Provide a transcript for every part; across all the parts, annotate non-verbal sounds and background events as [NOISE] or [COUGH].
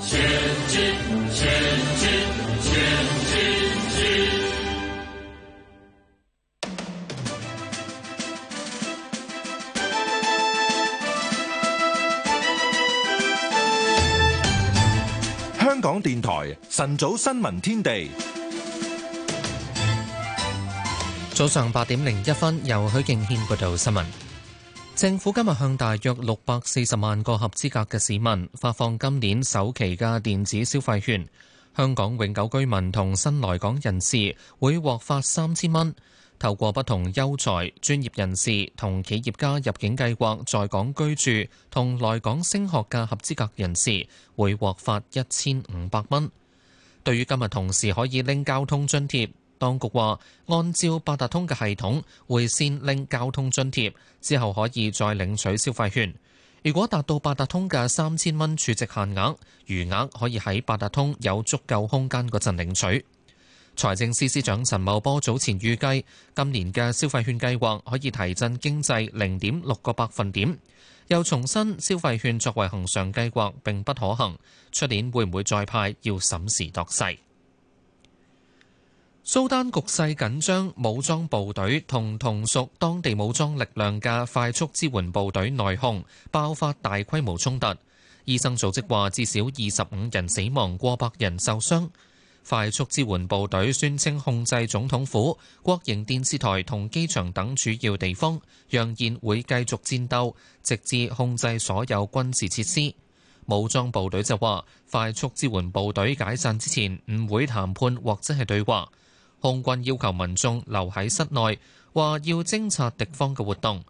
前進，前進，前進！香港電台晨早新聞天地，早上八點零一分，由許敬軒報道新聞。政府今日向大約六百四十萬個合資格嘅市民發放今年首期嘅電子消費券。香港永久居民同新來港人士會獲發三千蚊。透過不同優才、專業人士同企業家入境計劃在港居住同來港升學嘅合資格人士會獲發一千五百蚊。對於今日同時可以拎交通津貼。當局話，按照八達通嘅系統，會先領交通津貼，之後可以再領取消費券。如果達到八達通嘅三千蚊儲值限額，餘額可以喺八達通有足夠空間嗰陣領取。財政司司長陳茂波早前預計，今年嘅消費券計劃可以提振經濟零點六個百分點。又重申，消費券作為恒常計劃並不可行，出年會唔會再派，要審時度勢。蘇丹局勢緊張，武裝部隊同同屬當地武裝力量嘅快速支援部隊內訌，爆發大規模衝突。醫生組織話至少二十五人死亡，過百人受傷。快速支援部隊宣稱控制總統府、國營電視台同機場等主要地方，揚言會繼續戰鬥，直至控制所有軍事設施。武裝部隊就話，快速支援部隊解散之前唔會談判或者係對話。空軍要求民眾留喺室內，話要偵察敵方嘅活動。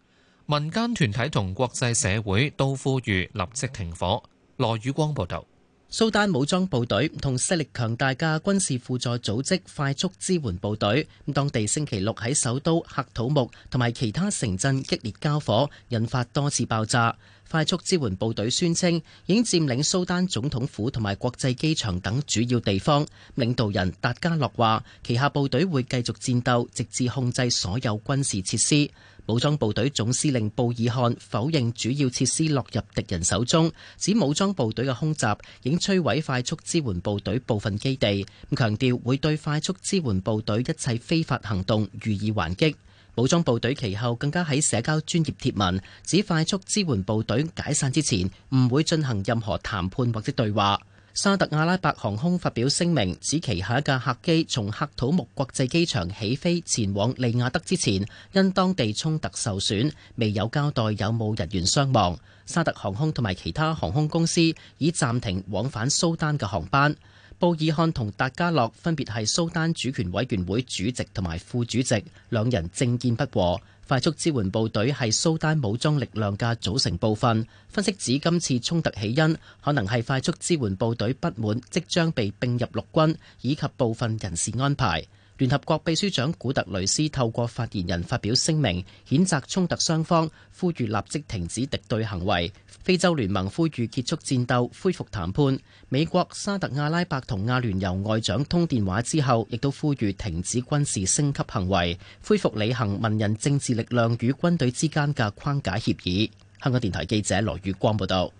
民間團體同國際社會都呼籲立即停火。羅宇光報道，蘇丹武裝部隊同勢力強大嘅軍事輔助組織快速支援部隊，咁當地星期六喺首都喀土穆同埋其他城鎮激烈交火，引發多次爆炸。快速支援部隊宣稱已經佔領蘇丹總統府同埋國際機場等主要地方。領導人達加洛話旗下部隊會繼續戰鬥，直至控制所有軍事設施。武裝部隊總司令布爾汗否認主要設施落入敵人手中，指武裝部隊嘅空襲已經摧毀快速支援部隊部分基地，強調會對快速支援部隊一切非法行動予以還擊。武裝部隊其後更加喺社交專業貼文指快速支援部隊解散之前唔會進行任何談判或者對話。沙特阿拉伯航空發表聲明指其下一架客機從黑土木國際機場起飛前往利雅德之前，因當地衝突受損，未有交代有冇人員傷亡。沙特航空同埋其他航空公司已暫停往返蘇丹嘅航班。布爾漢同達加洛分別係蘇丹主權委員會主席同埋副主席，兩人政見不和。快速支援部隊係蘇丹武裝力量嘅組成部分。分析指今次衝突起因，可能係快速支援部隊不滿即將被並入陸軍，以及部分人事安排。聯合國秘書長古特雷斯透過發言人發表聲明，譴責衝突雙方，呼籲立即停止敵對行為。非洲聯盟呼籲結束戰鬥，恢復談判。美國沙特阿拉伯同阿聯酋外長通電話之後，亦都呼籲停止軍事升級行為，恢復履行文人政治力量與軍隊之間嘅框架協議。香港電台記者羅宇光報道。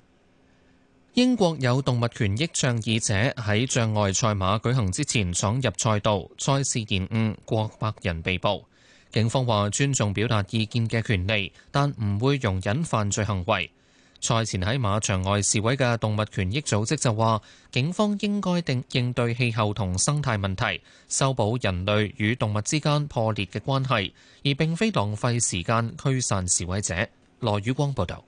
英國有動物權益倡議者喺障礙賽馬舉行之前闖入賽道，賽事延誤，過百人被捕。警方話尊重表達意見嘅權利，但唔會容忍犯罪行為。賽前喺馬場外示威嘅動物權益組織就話，警方應該定應對氣候同生態問題，修補人類與動物之間破裂嘅關係，而並非浪費時間驅散示威者。羅宇光報道。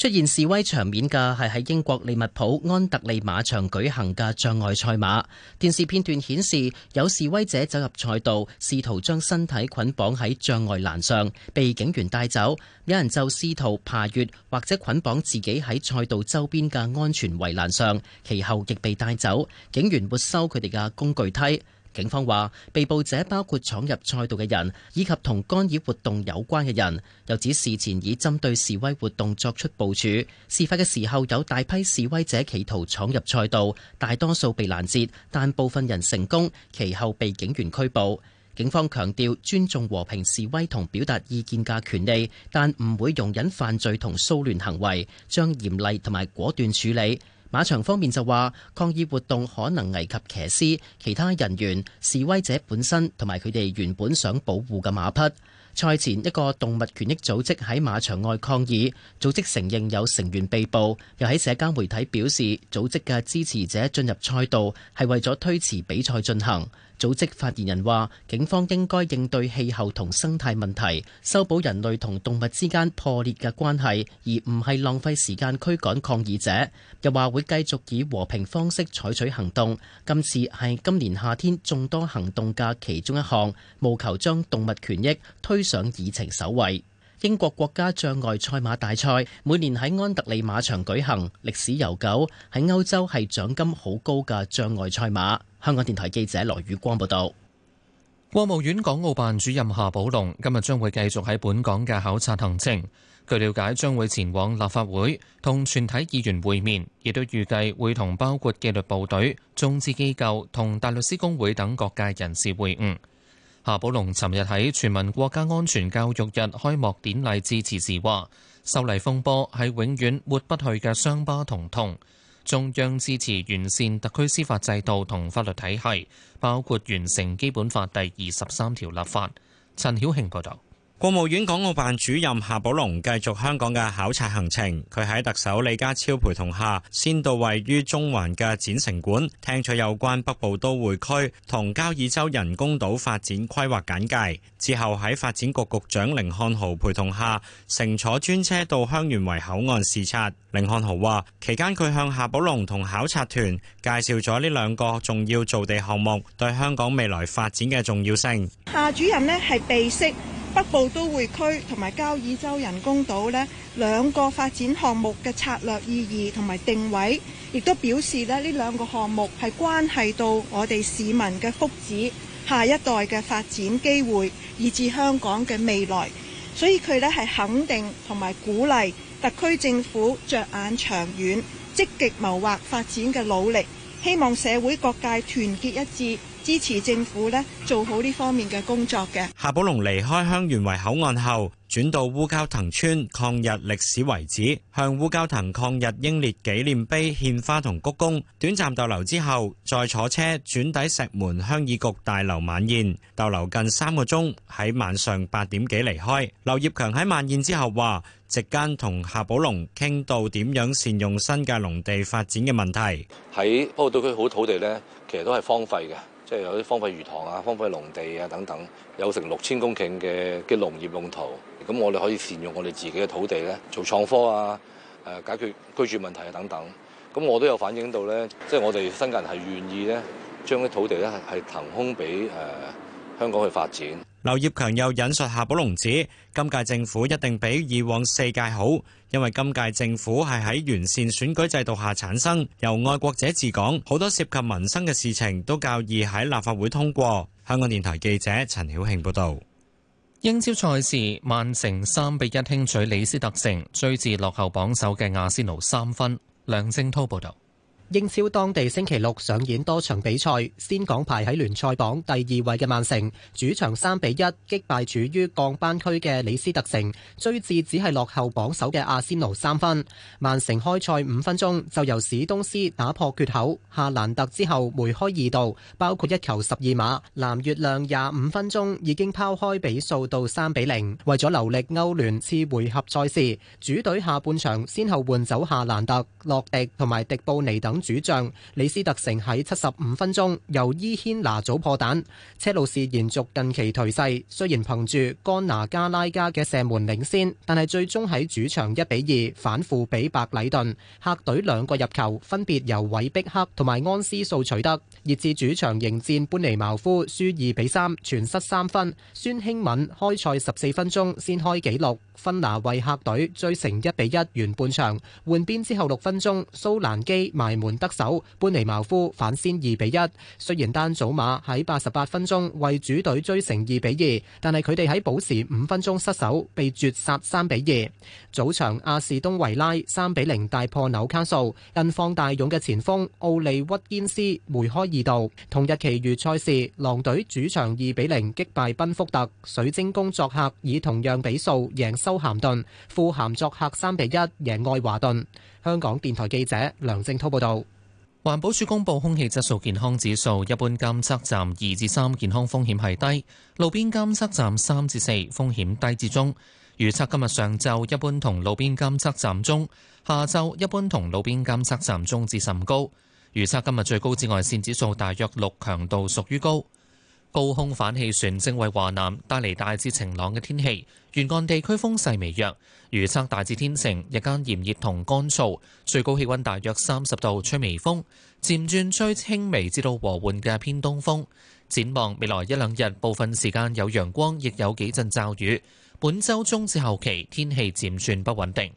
出現示威場面嘅係喺英國利物浦安特利馬場舉行嘅障礙賽馬。電視片段顯示，有示威者走入賽道，試圖將身體捆綁喺障礙欄上，被警員帶走。有人就試圖爬越或者捆綁自己喺賽道周邊嘅安全圍欄上，其後亦被帶走。警員沒收佢哋嘅工具梯。警方話，被捕者包括闖入賽道嘅人，以及同干擾活動有關嘅人。又指事前已針對示威活動作出部署。事發嘅時候，有大批示威者企圖闖入賽道，大多數被攔截，但部分人成功，其後被警員拘捕。警方強調尊重和平示威同表達意見嘅權利，但唔會容忍犯罪同騷亂行為，將嚴厲同埋果斷處理。馬場方面就話，抗議活動可能危及騎師、其他人員、示威者本身，同埋佢哋原本想保護嘅馬匹。賽前一個動物權益組織喺馬場外抗議，組織承認有成員被捕，又喺社交媒體表示，組織嘅支持者進入賽道係為咗推遲比賽進行。組織發言人話：警方應該應對氣候同生態問題，修補人類同動物之間破裂嘅關係，而唔係浪費時間驅趕抗議者。又話會繼續以和平方式採取行動。今次係今年夏天眾多行動嘅其中一項，務求將動物權益推上議程首位。英國國家障礙賽馬大賽每年喺安特里馬場舉行，歷史悠久，喺歐洲係獎金好高嘅障礙賽馬。香港電台記者羅宇光報道。國務院港澳辦主任夏寶龍今日將會繼續喺本港嘅考察行程，據了解將會前往立法會同全體議員會面，亦都預計會同包括紀律部隊、中資機構同大律師公會等各界人士會晤。夏寶龍尋日喺全民國家安全教育日開幕典禮致辭時話，修例風波係永遠抹不去嘅傷疤同痛。中央支持完善特區司法制度同法律體系，包括完成《基本法》第二十三條立法。陳曉慶報道。國務院港澳辦主任夏寶龍繼續香港嘅考察行程。佢喺特首李家超陪同下，先到位於中環嘅展城館，聽取有關北部都會區同交椅洲人工島發展規劃簡介。之後喺發展局局長甯漢豪陪同下，乘坐專車到香園圍口岸視察。甯漢豪話：期間佢向夏寶龍同考察團介紹咗呢兩個重要造地項目對香港未來發展嘅重要性。夏主任呢，係備悉。北部都會區同埋交椅洲人工島咧兩個發展項目嘅策略意義同埋定位，亦都表示咧呢兩個項目係關係到我哋市民嘅福祉、下一代嘅發展機會，以至香港嘅未來。所以佢咧係肯定同埋鼓勵特區政府着眼長遠，積極謀劃發展嘅努力。希望社會各界團結一致，支持政府咧做好呢方面嘅工作嘅。夏寶龍離開香園圍口岸後，轉到烏蛟騰村抗日歷史遺址，向烏蛟騰抗日英烈紀念碑獻花同鞠躬。短暫逗留之後，再坐車轉抵石門鄉議局大樓晚宴，逗留近三個鐘，喺晚上八點幾離開。劉業強喺晚宴之後話。席間同夏寶龍傾到點樣善用新界農地發展嘅問題。喺北都區好多土地咧，其實都係荒廢嘅，即係有啲荒廢魚塘啊、荒廢農地啊等等，有成六千公頃嘅啲農業用途。咁我哋可以善用我哋自己嘅土地咧，做創科啊，誒解決居住問題啊等等。咁我都有反映到咧，即係我哋新界人係願意咧，將啲土地咧係騰空俾誒、呃、香港去發展。劉業強又引述夏寶龍指：今屆政府一定比以往四屆好，因為今屆政府係喺完善選舉制度下產生，由愛國者治港，好多涉及民生嘅事情都較易喺立法會通過。香港電台記者陳曉慶報道。英超賽事，曼城三比一輕取李斯特城，追至落後榜首嘅阿仙奴三分。梁正濤報道。英超當地星期六上演多場比賽，先講排喺聯賽榜第二位嘅曼城主場三比一擊敗處於降班區嘅李斯特城，追至只係落後榜首嘅阿仙奴三分。曼城開賽五分鐘就由史東斯打破缺口，夏蘭特之後梅開二度，包括一球十二碼。藍月亮廿五分鐘已經拋開比數到三比零。為咗留力歐聯次回合賽事，主隊下半場先後換走夏蘭特、洛迪同埋迪布尼等。主將李斯特城喺七十五分鐘由伊軒拿早破蛋。車路士延續近期頹勢，雖然憑住干拿加拉加嘅射門領先，但係最終喺主場一比二反負比白禮頓，客隊兩個入球分別由韋碧克同埋安斯素取得。熱刺主場迎戰班尼茅夫輸二比三，全失三分。孫興敏開賽十四分鐘先開紀錄。芬拿為客隊追成一比一，完半場換邊之後六分鐘，蘇蘭基埋門得手，班尼茅夫反先二比一。雖然單祖馬喺八十八分鐘為主隊追成二比二，但係佢哋喺補時五分鐘失守，被絕殺三比二。早場阿士東維拉三比零大破紐卡素，因放大勇嘅前鋒奧利屈堅斯梅開二度。同日其餘賽事，狼隊主場二比零擊敗賓福特，水晶宮作客以同樣比數贏。休咸頓富咸作客三比一贏愛華頓。香港電台記者梁正濤報道。環保署公布空氣質素健康指數，一般監測站二至三，健康風險係低；路邊監測站三至四，風險低至中。預測今日上晝一般同路邊監測站中，下晝一般同路邊監測站中至甚高。預測今日最高紫外線指數大約六，強度屬於高。高空反氣旋正為華南帶嚟大致晴朗嘅天氣，沿岸地區風勢微弱，預測大致天晴，日間炎熱同乾燥，最高氣温大約三十度，吹微風，漸轉吹輕微至到和緩嘅偏東風。展望未來一兩日，部分時間有陽光，亦有幾陣驟雨。本週中至後期天氣漸轉不穩定，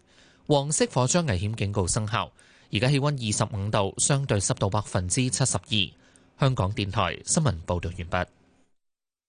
黃色火災危險警告生效。而家氣温二十五度，相對濕度百分之七十二。香港電台新聞報導完畢。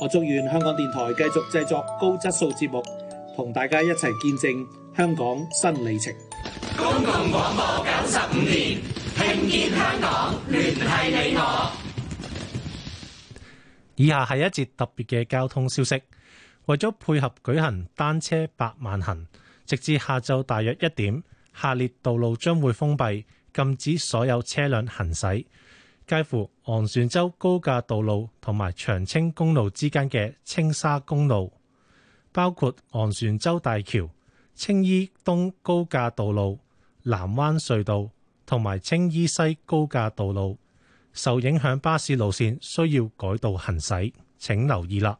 我祝願香港電台繼續製作高質素節目，同大家一齊見證香港新里程。公共廣播九十五年，聽見香港，聯繫你我。以下係一節特別嘅交通消息，為咗配合舉行單車百萬行，直至下晝大約一點，下列道路將會封閉，禁止所有車輛行駛。介乎昂船洲高架道路同埋長青公路之間嘅青沙公路，包括昂船洲大橋、青衣東高架道路、南灣隧道同埋青衣西高架道路，受影響巴士路線需要改道行駛，請留意啦。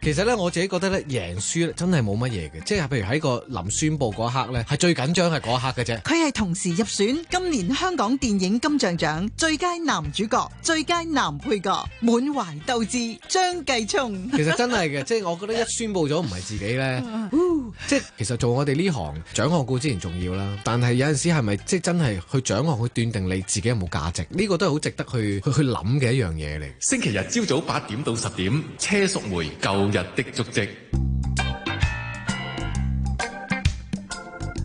其實咧，我自己覺得咧，贏輸真係冇乜嘢嘅，即係譬如喺個臨宣佈嗰一刻咧，係最緊張係嗰一刻嘅啫。佢係同時入選今年香港電影金像獎最佳男主角、最佳男配角，滿懷鬥志，張繼聰。其實真係嘅，即係 [LAUGHS] 我覺得一宣佈咗唔係自己咧，即係 [LAUGHS] 其實做我哋呢行，獎項固之然重要啦。但係有陣時係咪即係真係去獎項去斷定你自己有冇價值？呢個都係好值得去去去諗嘅一樣嘢嚟。星期日朝早八點到十點，車淑梅舊日的足跡，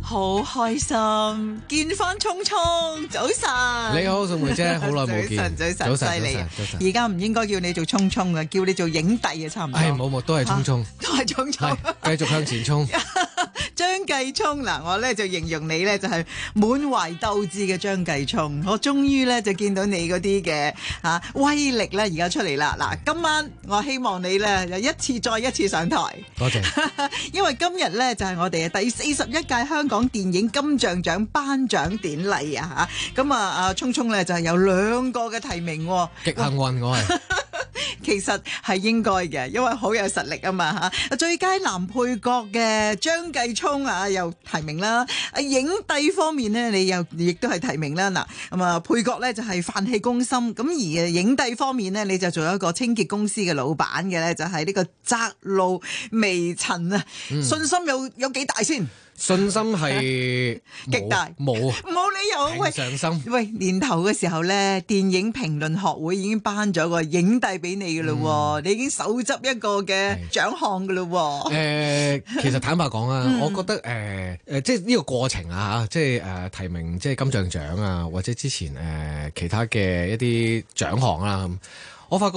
好開心見翻聰聰，早晨。你好，宋梅姐，好耐冇見。早晨，早晨，早晨，早晨。而家唔應該叫你做聰聰嘅，叫你做影帝啊，差唔多。係冇冇，都係聰聰，都係聰聰。係，繼續向前衝。張繼聰嗱，我咧，就形容你咧，就係滿懷鬥志嘅張繼聰，我終於咧，就見到你嗰啲嘅吓威力咧，而家出嚟啦。嗱，今晚我希望你咧，又一次再一次上台，多謝、謝。 [LAUGHS] 因為今日咧，就係我哋嘅第四十一屆香港電影金像獎頒獎典禮啊，咁啊阿聰聰咧，就係有兩個嘅提名，極幸運我係。 [LAUGHS] 其實係應該嘅，因為好有實力啊嘛嚇！最佳男配角嘅張繼聰啊又提名啦，啊影帝方面呢，你又亦都係提名啦嗱，咁啊配角呢就係飯氣攻心，咁而影帝方面呢，你就做一個清潔公司嘅老闆嘅呢，就係、是、呢個窄路微塵啊，嗯、信心有有幾大先？信心係極大，冇冇沒理由。喂，上心喂，年頭嘅時候咧，電影評論學會已經頒咗個影帝俾你噶啦，嗯、你已經手執一個嘅獎項噶啦。誒、呃，其實坦白講啊， [LAUGHS] 我覺得誒誒、呃呃，即係呢個過程啊，吓、呃，即係誒提名即係金像獎啊，或者之前誒、呃、其他嘅一啲獎項啦，我發覺。